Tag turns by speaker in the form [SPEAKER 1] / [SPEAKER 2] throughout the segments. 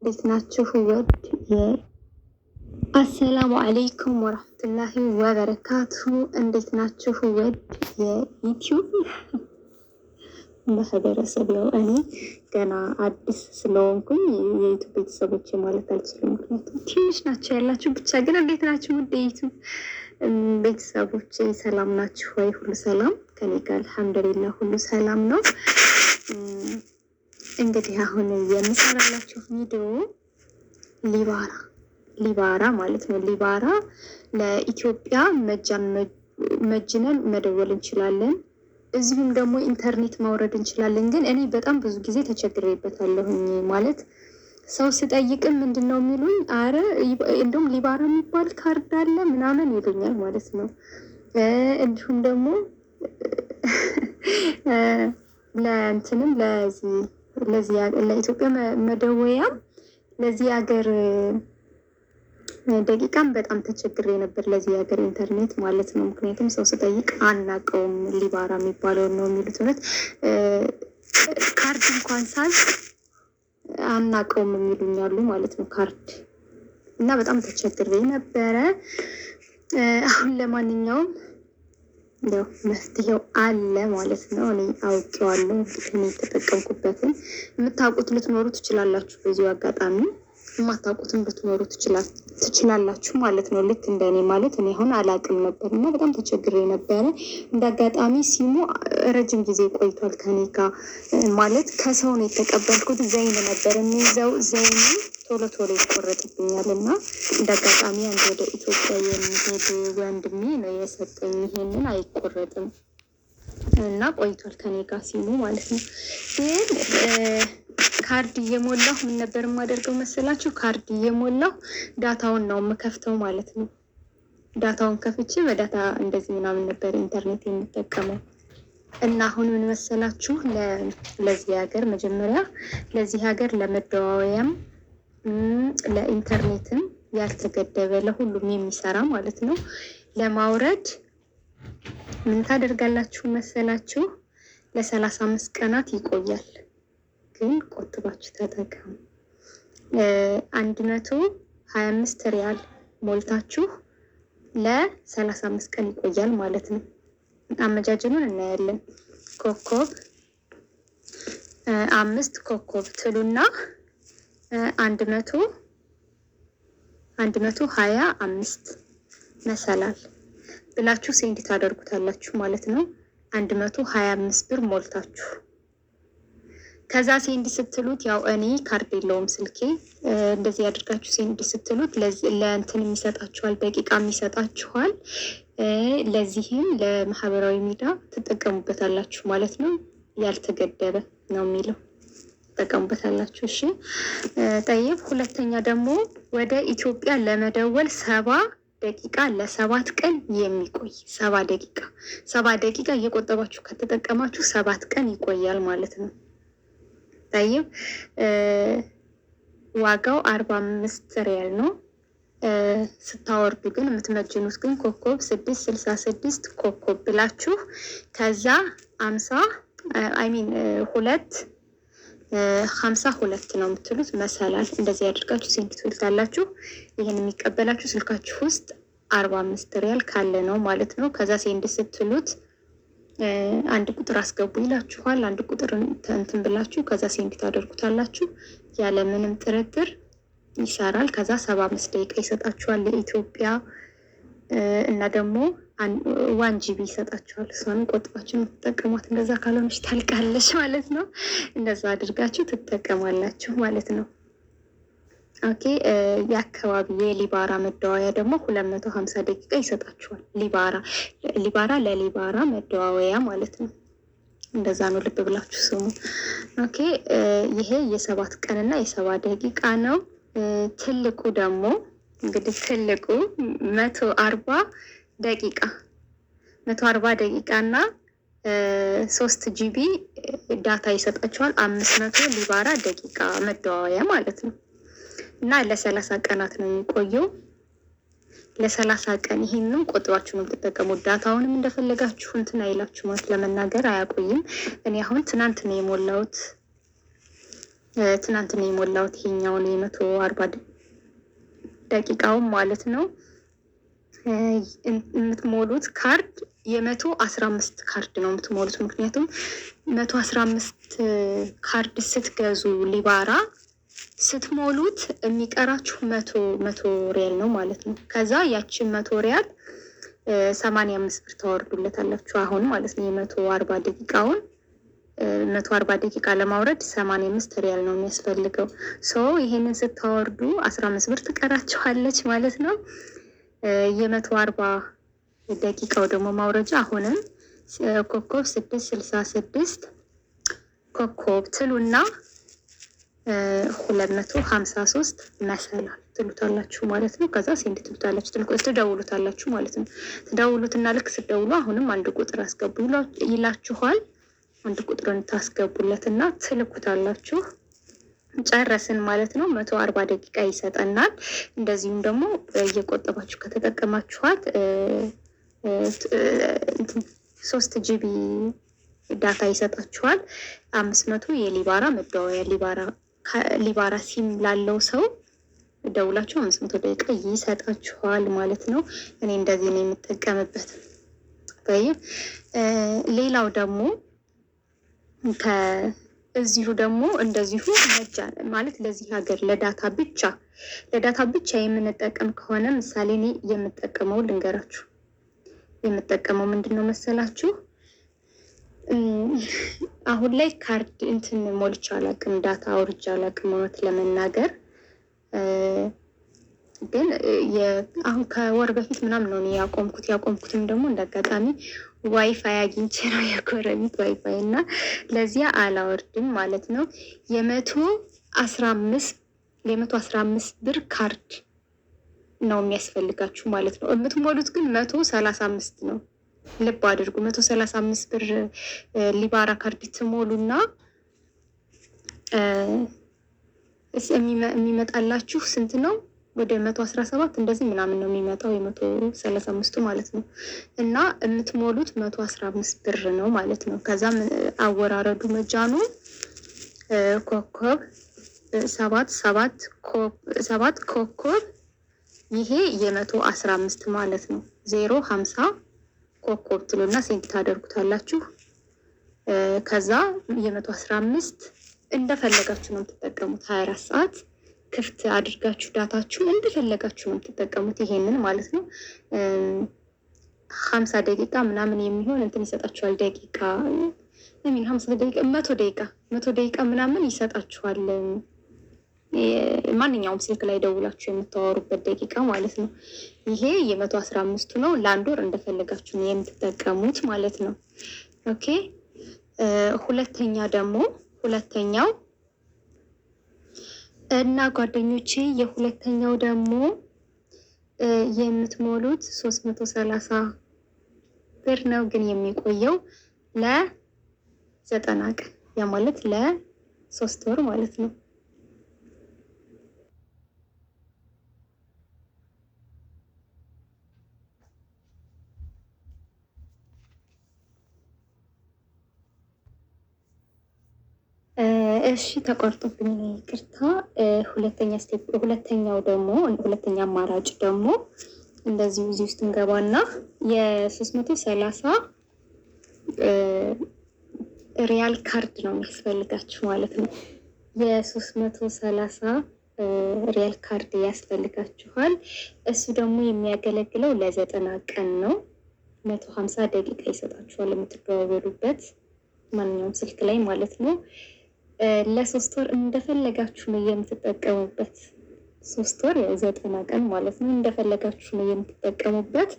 [SPEAKER 1] እንዴት ናችሁ? ውድ አሰላሙ አለይኩም ወራህመቱላሂ ወበረካቱ። እንዴት ናችሁ? ውድ የዩቲዩብ ማህበረሰብ ነው። እኔ ገና አዲስ ስለሆንኩኝ የዩቱብ ቤተሰቦች ማለት አልችልም፣ ምክንያቱም ትንሽ ናቸው ያላችሁ። ብቻ ግን እንዴት ናችሁ? ውድ የዩቱብ ቤተሰቦች ሰላም ናችሁ ወይ? ሁሉ ሰላም ከኔ ጋር አልሐምዱሊላ፣ ሁሉ ሰላም ነው። እንግዲህ አሁን የምሰራላችሁ ቪዲዮ ሊባራ ሊባራ ማለት ነው። ሊባራ ለኢትዮጵያ መጅነን መደወል እንችላለን። እዚሁም ደግሞ ኢንተርኔት ማውረድ እንችላለን። ግን እኔ በጣም ብዙ ጊዜ ተቸግሬበታለሁኝ። ማለት ሰው ስጠይቅም ምንድን ነው የሚሉኝ፣ አረ እንደውም ሊባራ የሚባል ካርድ አለ ምናምን ይሉኛል ማለት ነው። እንዲሁም ደግሞ ለእንትንም ለዚህ ለዚህ ለኢትዮጵያ መደወያም ለዚህ ሀገር ደቂቃም በጣም ተቸግሬ ነበር። ለዚህ ሀገር ኢንተርኔት ማለት ነው። ምክንያቱም ሰው ስጠይቅ አናቀውም ሊባራ የሚባለውን ነው የሚሉት። እውነት ካርድ እንኳን ሳል አናቀውም የሚሉኝ አሉ ማለት ነው ካርድ እና በጣም ተቸግሬ ነበረ። አሁን ለማንኛውም እንደው መፍትሄው አለ ማለት ነው። እኔ አውቄዋለሁ፣ እኔ የተጠቀምኩበትን የምታውቁት ልትኖሩ ትችላላችሁ በዚሁ አጋጣሚ የማታውቁትን ብትኖሩ ትችላላችሁ ማለት ነው። ልክ እንደኔ ማለት እኔ አሁን አላቅም ነበር እና በጣም ተቸግሬ ነበረ። እንደ አጋጣሚ ሲሙ ረጅም ጊዜ ቆይቷል ከኔ ጋር ማለት ከሰው ነው የተቀበልኩት። ዘይን ነበር የሚይዘው ዘይኑ ቶሎ ቶሎ ይቆረጥብኛል እና እንደ አጋጣሚ አንድ ወደ ኢትዮጵያ የሚሄድ ወንድሜ ነው የሰጠኝ። ይሄንን አይቆረጥም እና ቆይቷል ከኔ ጋር ሲሙ ማለት ነው ግን ካርድ እየሞላሁ ምን ነበር የማደርገው መሰላችሁ? ካርድ እየሞላሁ ዳታውን ነው የምከፍተው ማለት ነው። ዳታውን ከፍቼ በዳታ እንደዚህ ምናምን ነበር ኢንተርኔት የምጠቀመው እና አሁን ምን መሰላችሁ? ለዚህ ሀገር መጀመሪያ ለዚህ ሀገር ለመደዋወያም ለኢንተርኔትም ያልተገደበ ለሁሉም የሚሰራ ማለት ነው ለማውረድ ምን ታደርጋላችሁ መሰላችሁ? ለሰላሳ አምስት ቀናት ይቆያል። ብሩኬን ቆጥባችሁ ተጠቀሙ። አንድ መቶ ሀያ አምስት ሪያል ሞልታችሁ ለሰላሳ አምስት ቀን ይቆያል ማለት ነው። አመጃጀኑን እናያለን። ኮኮብ አምስት ኮኮብ ትሉና አንድ መቶ አንድ መቶ ሀያ አምስት መሰላል ብላችሁ ሴንድ ታደርጉታላችሁ ማለት ነው። አንድ መቶ ሀያ አምስት ብር ሞልታችሁ ከዛ ሴንድ ስትሉት ያው እኔ ካርድ የለውም ስልኬ፣ እንደዚህ ያደርጋችሁ ሴንድ ስትሉት ለእንትን የሚሰጣችኋል፣ ደቂቃ የሚሰጣችኋል። ለዚህም ለማህበራዊ ሚዲያ ትጠቀሙበታላችሁ ማለት ነው። ያልተገደበ ነው የሚለው ትጠቀሙበታላችሁ። እሺ ጠይብ። ሁለተኛ ደግሞ ወደ ኢትዮጵያ ለመደወል ሰባ ደቂቃ ለሰባት ቀን የሚቆይ ሰባ ደቂቃ ሰባ ደቂቃ እየቆጠባችሁ ከተጠቀማችሁ ሰባት ቀን ይቆያል ማለት ነው። አይታይም። ዋጋው አርባ አምስት ሪያል ነው። ስታወርዱ ግን የምትመጅኑት ግን ኮኮብ ስድስት ስልሳ ስድስት ኮኮብ ብላችሁ ከዛ አምሳ አይሚን ሁለት ሀምሳ ሁለት ነው የምትሉት መሰላል። እንደዚህ ያደርጋችሁ ሴንት ትልታላችሁ። ይህን የሚቀበላችሁ ስልካችሁ ውስጥ አርባ አምስት ሪያል ካለ ነው ማለት ነው። ከዛ ሴንድ ስትሉት አንድ ቁጥር አስገቡ ይላችኋል። አንድ ቁጥር እንትን ብላችሁ ከዛ ሴንድ ታደርጉታላችሁ። ያለምንም ጥርጥር ይሰራል ከዛ ሰባ አምስት ደቂቃ ይሰጣችኋል ለኢትዮጵያ እና ደግሞ ዋን ጂቢ ይሰጣችኋል። እሷን ቆጥባችሁ ትጠቀሟት። እንደዛ ካልሆነች ታልቃለች ማለት ነው። እንደዛ አድርጋችሁ ትጠቀማላችሁ ማለት ነው። ኦኬ የአካባቢ የሊባራ መደዋወያ ደግሞ ሁለት መቶ ሀምሳ ደቂቃ ይሰጣችኋል። ሊባራ ሊባራ ለሊባራ መደዋወያ ማለት ነው። እንደዛ ነው። ልብ ብላችሁ ስሙ። ኦኬ ይሄ የሰባት ቀንና የሰባ ደቂቃ ነው። ትልቁ ደግሞ እንግዲህ ትልቁ መቶ አርባ ደቂቃ መቶ አርባ ደቂቃ እና ሶስት ጂቢ ዳታ ይሰጣችኋል። አምስት መቶ ሊባራ ደቂቃ መደዋወያ ማለት ነው። እና ለሰላሳ ቀናት ነው የሚቆየው። ለሰላሳ ቀን ይህንም ቆጥባችሁ ነው ዳታውንም እንደፈለጋችሁ እንትን አይላችሁ ማለት ለመናገር አያቆይም። እኔ አሁን ትናንት ነው የሞላሁት ትናንት ነው የሞላሁት ይሄኛውን የመቶ አርባ ደቂቃውን ማለት ነው የምትሞሉት ካርድ የመቶ አስራ አምስት ካርድ ነው የምትሞሉት። ምክንያቱም መቶ አስራ አምስት ካርድ ስትገዙ ሊባራ ስትሞሉት የሚቀራችሁ መቶ መቶ ሪያል ነው ማለት ነው። ከዛ ያችን መቶ ሪያል ሰማንያ አምስት ብር ታወርዱለታላችሁ አሁን ማለት ነው። የመቶ አርባ ደቂቃውን መቶ አርባ ደቂቃ ለማውረድ ሰማንያ አምስት ሪያል ነው የሚያስፈልገው። ሶ ይሄንን ስታወርዱ አስራ አምስት ብር ትቀራችኋለች ማለት ነው። የመቶ አርባ ደቂቃው ደግሞ ማውረጃ አሁንም ኮከብ ስድስት ስልሳ ስድስት ኮከብ ትሉና ሁለት መቶ ሀምሳ ሶስት መሰላ ትሉታላችሁ ማለት ነው። ከዛ ሴንድ ትሉታላችሁ ትደውሉታላችሁ ማለት ነው። ትደውሉትና ልክ ስደውሉ አሁንም አንድ ቁጥር አስገቡ ይላችኋል። አንድ ቁጥርን ታስገቡለትና ትልኩታላችሁ። ጨረስን ማለት ነው። መቶ አርባ ደቂቃ ይሰጠናል። እንደዚሁም ደግሞ እየቆጠባችሁ ከተጠቀማችኋት ሶስት ጂቢ ዳታ ይሰጣችኋል። አምስት መቶ የሊባራ መደዋወያ ሊባራ ሊባራ ሲም ላለው ሰው ደውላችሁ አምስት መቶ ደቂቃ ይሰጣችኋል ማለት ነው። እኔ እንደዚህ ነው የምጠቀምበት። ሌላው ደግሞ እዚሁ ደግሞ እንደዚሁ መጃ ማለት ለዚህ ሀገር ለዳታ ብቻ ለዳታ ብቻ የምንጠቀም ከሆነ ምሳሌ እኔ የምጠቀመው ልንገራችሁ፣ የምጠቀመው ምንድን ነው መሰላችሁ አሁን ላይ ካርድ እንትን ሞልቼ አላውቅም፣ ዳታ አውርቼ አላውቅም እውነት ለመናገር ግን አሁን ከወር በፊት ምናምን ነው ያቆምኩት። ያቆምኩትም ደግሞ እንደ አጋጣሚ ዋይፋይ አግኝቼ ነው የጎረቤት ዋይፋይ እና ለዚያ አላወርድም ማለት ነው። የመቶ አስራ አምስት የመቶ አስራ አምስት ብር ካርድ ነው የሚያስፈልጋችሁ ማለት ነው። የምትሞሉት ግን መቶ ሰላሳ አምስት ነው። ልብ አድርጉ። መቶ ሰላሳ አምስት ብር ሊባራ ካርድ ትሞሉና የሚመጣላችሁ ስንት ነው? ወደ መቶ አስራ ሰባት እንደዚህ ምናምን ነው የሚመጣው የመቶ ሰላሳ አምስቱ ማለት ነው። እና የምትሞሉት መቶ አስራ አምስት ብር ነው ማለት ነው። ከዛም አወራረዱ መጃኑ ኮከብ ሰባት ሰባት ሰባት ኮከብ ይሄ የመቶ አስራ አምስት ማለት ነው ዜሮ ሀምሳ ኮኮርትሉ እና ሴንት ታደርጉታላችሁ። ከዛ የመቶ አስራ አምስት እንደፈለጋችሁ ነው የምትጠቀሙት። ሀያ አራት ሰዓት ክፍት አድርጋችሁ ዳታችሁ እንደፈለጋችሁ ነው የምትጠቀሙት። ይሄንን ማለት ነው ሀምሳ ደቂቃ ምናምን የሚሆን እንትን ይሰጣችኋል። ደቂቃ ሚን ሀምሳ ደቂቃ መቶ ደቂቃ መቶ ደቂቃ ምናምን ይሰጣችኋል። ማንኛውም ስልክ ላይ ደውላችሁ የምታወሩበት ደቂቃ ማለት ነው። ይሄ የመቶ አስራ አምስቱ ነው። ለአንድ ወር እንደፈለጋችሁ ነው የምትጠቀሙት ማለት ነው። ኦኬ ሁለተኛ ደግሞ ሁለተኛው እና ጓደኞቼ የሁለተኛው ደግሞ የምትሞሉት ሶስት መቶ ሰላሳ ብር ነው ግን የሚቆየው ለዘጠና ቀን ያ ማለት ለሶስት ወር ማለት ነው። እሺ ተቋርጦብኝ ይቅርታ። ሁለተኛ ስቴፕ ሁለተኛው ደግሞ ሁለተኛ አማራጭ ደግሞ እንደዚሁ እዚህ ውስጥ እንገባና የሶስት መቶ ሰላሳ ሪያል ካርድ ነው የሚያስፈልጋችሁ ማለት ነው። የሶስት መቶ ሰላሳ ሪያል ካርድ ያስፈልጋችኋል። እሱ ደግሞ የሚያገለግለው ለዘጠና ቀን ነው። መቶ ሀምሳ ደቂቃ ይሰጣችኋል የምትደዋወሉበት ማንኛውም ስልክ ላይ ማለት ነው። ለሶስት ወር እንደፈለጋችሁ ነው የምትጠቀሙበት። ሶስት ወር ዘጠና ቀን ማለት ነው። እንደፈለጋችሁ ነው የምትጠቀሙበት።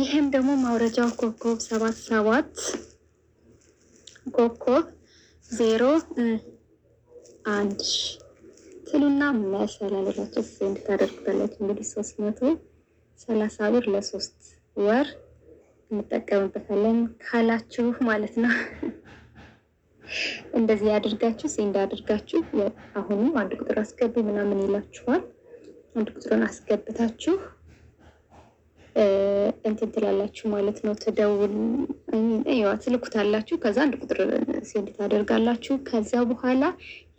[SPEAKER 1] ይህም ደግሞ ማውረጃው ኮኮብ ሰባት ሰባት ኮኮብ ዜሮ አንድ ትሉና መሰላለላችሁ ሴንድ ታደርጉታላችሁ። እንግዲህ ሶስት መቶ ሰላሳ ብር ለሶስት ወር እንጠቀምበታለን ካላችሁ ማለት ነው። እንደዚህ ያድርጋችሁ ሴንድ አድርጋችሁ አሁንም አንድ ቁጥር አስገቡ ምናምን ይላችኋል። አንድ ቁጥሩን አስገብታችሁ እንትን ትላላችሁ ማለት ነው። ትደውል ትልኩታላችሁ። ከዛ አንድ ቁጥር ሴንድ ታደርጋላችሁ። ከዛ በኋላ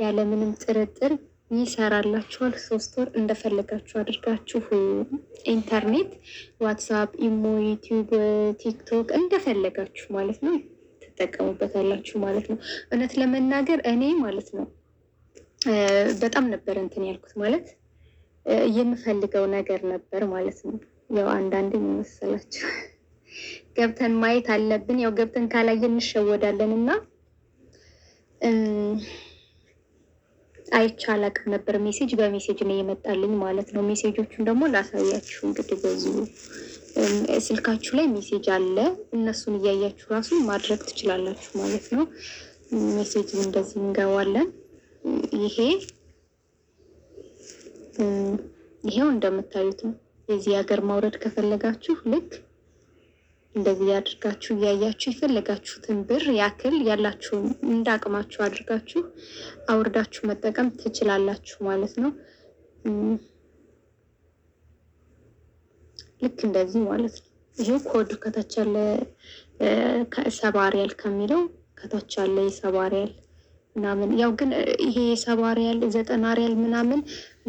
[SPEAKER 1] ያለምንም ጥርጥር ይሰራላችኋል። ሶስት ወር እንደፈለጋችሁ አድርጋችሁ ኢንተርኔት፣ ዋትሳፕ፣ ኢሞ፣ ዩቲዩብ፣ ቲክቶክ እንደፈለጋችሁ ማለት ነው ትጠቀሙበታላችሁ ማለት ነው። እውነት ለመናገር እኔ ማለት ነው በጣም ነበር እንትን ያልኩት ማለት የምፈልገው ነገር ነበር ማለት ነው። ያው አንዳንድ የሚመስላችሁ ገብተን ማየት አለብን። ያው ገብተን ካላየን እንሸወዳለን እና አይቼ አላቅም ነበር። ሜሴጅ በሜሴጅ ነው የመጣልኝ ማለት ነው። ሜሴጆቹን ደግሞ ላሳያችሁ እንግዲህ በዚሁ ስልካችሁ ላይ ሜሴጅ አለ። እነሱን እያያችሁ ራሱ ማድረግ ትችላላችሁ ማለት ነው። ሜሴጅ እንደዚህ እንገባለን። ይሄ ይሄው እንደምታዩት ነው። የዚህ ሀገር ማውረድ ከፈለጋችሁ ልክ እንደዚህ አድርጋችሁ እያያችሁ የፈለጋችሁትን ብር ያክል ያላችሁን እንደ አድርጋችሁ አውርዳችሁ መጠቀም ትችላላችሁ ማለት ነው። ልክ እንደዚህ ማለት ነው። ይሄ ኮድ ከታች ያለ ሰባሪያል ከሚለው ከታች ያለ የሰባሪያል ምናምን ያው ግን ይሄ የሰባሪያል ዘጠናሪያል ምናምን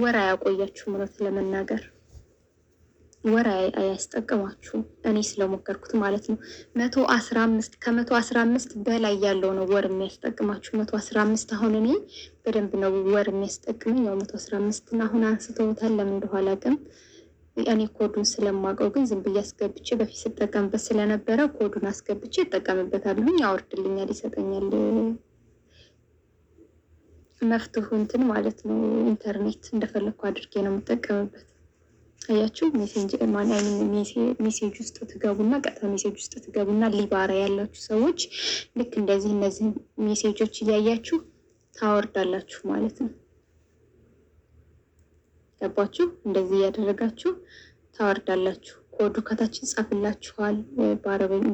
[SPEAKER 1] ወር አያቆያችሁም፣ እውነት ለመናገር ወር አያስጠቅማችሁም። እኔ ስለሞከርኩት ማለት ነው። መቶ አስራ አምስት ከመቶ አስራ አምስት በላይ ያለው ነው ወር የሚያስጠቅማችሁ። መቶ አስራ አምስት አሁን እኔ በደንብ ነው ወር የሚያስጠቅመኝ። ያው መቶ አስራ አምስትን አሁን አንስተውታል ለምን እንደኋላ ግን እኔ ኮዱን ስለማውቀው ግን ዝም ብዬ አስገብቼ በፊት ስጠቀምበት ስለነበረ ኮዱን አስገብቼ እጠቀምበታለሁኝ። ያወርድልኛል፣ ይሰጠኛል። መፍትሁ እንትን ማለት ነው። ኢንተርኔት እንደፈለግኩ አድርጌ ነው የምጠቀምበት። አያችሁ፣ ሜሴጅ ውስጥ ትገቡና ቀጥታ ሜሴጅ ውስጥ ትገቡና ሊባራ ያላችሁ ሰዎች ልክ እንደዚህ እነዚህ ሜሴጆች እያያችሁ ታወርዳላችሁ ማለት ነው። ገባችሁ? እንደዚህ እያደረጋችሁ ታወርዳላችሁ። ኮዱ ከታችን ጻፍላችኋል።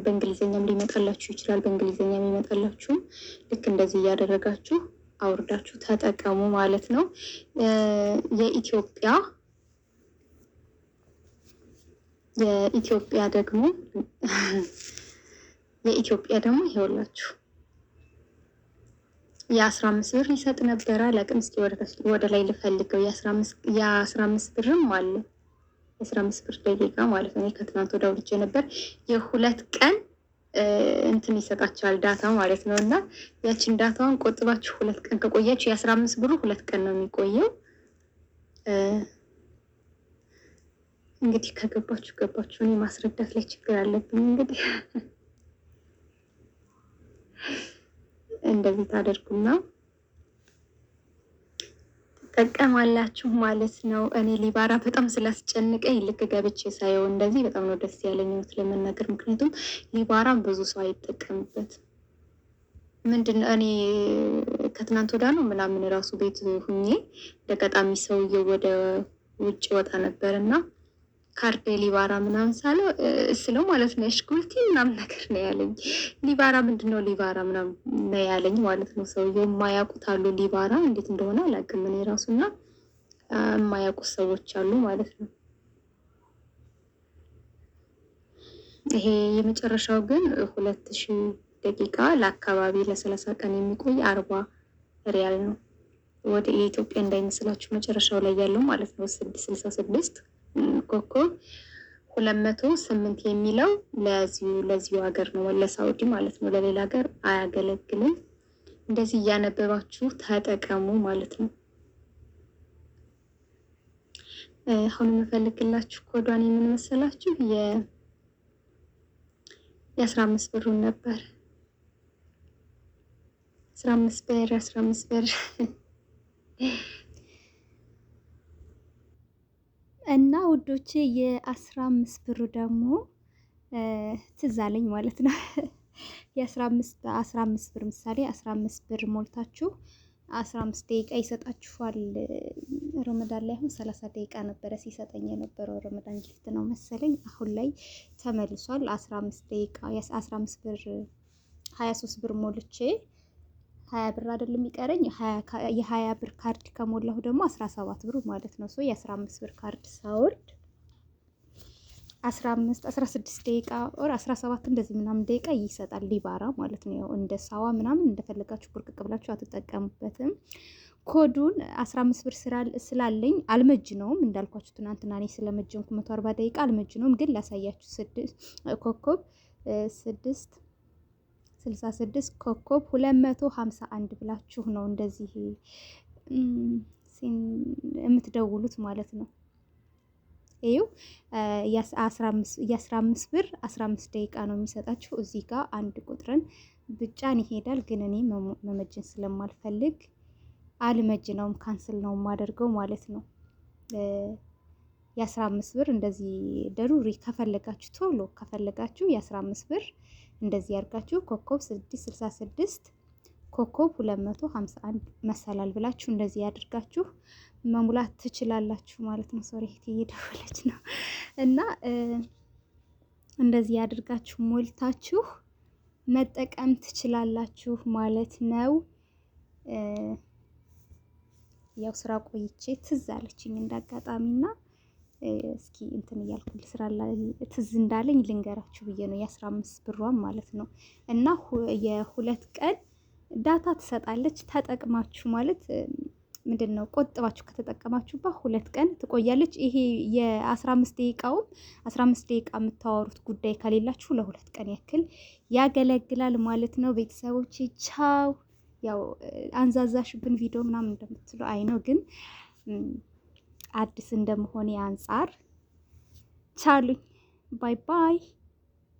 [SPEAKER 1] በእንግሊዝኛም ሊመጣላችሁ ይችላል። በእንግሊዝኛም ይመጣላችሁም። ልክ እንደዚህ እያደረጋችሁ አውርዳችሁ ተጠቀሙ ማለት ነው። የኢትዮጵያ የኢትዮጵያ ደግሞ የኢትዮጵያ ደግሞ ይኸውላችሁ የአስራ አምስት ብር ይሰጥ ነበረ። አላቅም እስኪ ወደ ላይ ልፈልገው። የአስራ አምስት ብርም አለ የአስራ አምስት ብር ደቂቃ ማለት ነው። ከትናንት ወደ ውልጅ ነበር የሁለት ቀን እንትን ይሰጣቸዋል ዳታ ማለት ነው። እና ያችን ዳታውን ቆጥባችሁ ሁለት ቀን ከቆያችሁ የአስራ አምስት ብሩ ሁለት ቀን ነው የሚቆየው። እንግዲህ ከገባችሁ ገባችሁ። እኔ ማስረዳት ላይ ችግር አለብኝ እንግዲህ እንደዚህ ታደርጉና ትጠቀማላችሁ ማለት ነው። እኔ ሊባራ በጣም ስላስጨንቀኝ ልክ ገብቼ ሳየው እንደዚህ በጣም ነው ደስ ያለኝ ለመናገር ምክንያቱም ሊባራ ብዙ ሰው አይጠቀምበት ምንድን እኔ ከትናንት ወዳ ነው ምናምን ራሱ ቤት ሁኜ እንደ አጋጣሚ ሰውዬው ወደ ውጭ ወጣ ነበር እና ካርዴ ሊባራ ምናምን ሳለው ስለው ማለት ነው ሽኩልቲ ምናምን ነገር ነው ያለኝ። ሊባራ ምንድን ነው ሊባራ ምናምን ነው ያለኝ ማለት ነው። ሰውየው የማያውቁት አሉ ሊባራ እንዴት እንደሆነ አላውቅም እኔ ራሱና የማያውቁት ሰዎች አሉ ማለት ነው። ይሄ የመጨረሻው ግን ሁለት ሺህ ደቂቃ ለአካባቢ ለሰላሳ ቀን የሚቆይ አርባ ሪያል ነው። ወደ የኢትዮጵያ እንዳይመስላችሁ መጨረሻው ላይ ያለው ማለት ነው ስልሳ ስድስት ኮከብ ሁለት መቶ ስምንት የሚለው ለዚሁ ለዚሁ ሀገር ነው ለሳውዲ ማለት ነው። ለሌላ ሀገር አያገለግልም። እንደዚህ እያነበባችሁ ተጠቀሙ ማለት ነው። አሁን የምፈልግላችሁ ኮዷን የምንመስላችሁ የአስራ አምስት ብሩን ነበር አስራ አምስት ብር አስራ አምስት ብር እና ውዶቼ የአስራ አምስት ብር ደግሞ ትዛለኝ ማለት ነው። የአስራ አምስት አስራ አምስት ብር ምሳሌ አስራ አምስት ብር ሞልታችሁ አስራ አምስት ደቂቃ ይሰጣችኋል። ረመዳን ላይ አሁን ሰላሳ ደቂቃ ነበረ ሲሰጠኝ የነበረው ረመዳን ጊፍት ነው መሰለኝ። አሁን ላይ ተመልሷል። አስራ አምስት ደቂቃ አስራ አምስት ብር ሀያ ሶስት ብር ሞልቼ ሀያ ብር አይደል የሚቀረኝ የሀያ ብር ካርድ ከሞላሁ ደግሞ አስራ ሰባት ብር ማለት ነው። ሶ የአስራ አምስት ብር ካርድ ሳወርድ አስራ አምስት አስራ ስድስት ደቂቃ ወር አስራ ሰባት እንደዚህ ምናምን ደቂቃ ይሰጣል። ሊባራ ማለት ነው። ያው እንደ ሳዋ ምናምን እንደፈለጋችሁ ቁርቅቅ ብላችሁ አትጠቀሙበትም። ኮዱን አስራ አምስት ብር ስላለኝ አልመጅ ነውም እንዳልኳችሁ ትናንትና እኔ ስለመጀንኩ መቶ አርባ ደቂቃ አልመጅ ነውም ግን ላሳያችሁ። ስድስት ኮከብ ስድስት 66 ኮከብ 251 ብላችሁ ነው እንደዚህ የምትደውሉት ማለት ነው። ይኸው የ15 ብር 15 ደቂቃ ነው የሚሰጣችሁ። እዚህ ጋር አንድ ቁጥርን ብጫን ይሄዳል፣ ግን እኔ መመጀን ስለማልፈልግ አልመጅ ነውም ካንስል ነው የማደርገው ማለት ነው። የአስራ አምስት ብር እንደዚህ ደሩሪ ከፈለጋችሁ ቶሎ ከፈለጋችሁ የአስራ አምስት ብር እንደዚህ ያርጋችሁ ኮከብ ስድስት ስልሳ ስድስት ኮከብ ሁለት መቶ ሀምሳ አንድ መሰላል ብላችሁ እንደዚህ ያድርጋችሁ መሙላት ትችላላችሁ ማለት ነው። ሶሪ እየደወለች ነው እና እንደዚህ ያድርጋችሁ ሞልታችሁ መጠቀም ትችላላችሁ ማለት ነው። ያው ስራ ቆይቼ ትዝ አለችኝ እንዳጋጣሚና እስኪ እንትን እያልኩ ስራ ትዝ እንዳለኝ ልንገራችሁ ብዬ ነው። የአስራ አምስት ብሯን ማለት ነው እና የሁለት ቀን ዳታ ትሰጣለች። ተጠቅማችሁ ማለት ምንድን ነው ቆጥባችሁ ከተጠቀማችሁባ ሁለት ቀን ትቆያለች። ይሄ የአስራ አምስት ደቂቃውም አስራ አምስት ደቂቃ የምታወሩት ጉዳይ ከሌላችሁ ለሁለት ቀን ያክል ያገለግላል ማለት ነው። ቤተሰቦች ቻው። ያው አንዛዛሽብን ቪዲዮ ምናምን እንደምትሉ አይ ነው ግን አዲስ እንደመሆኔ አንጻር ቻሉኝ። ባይ ባይ።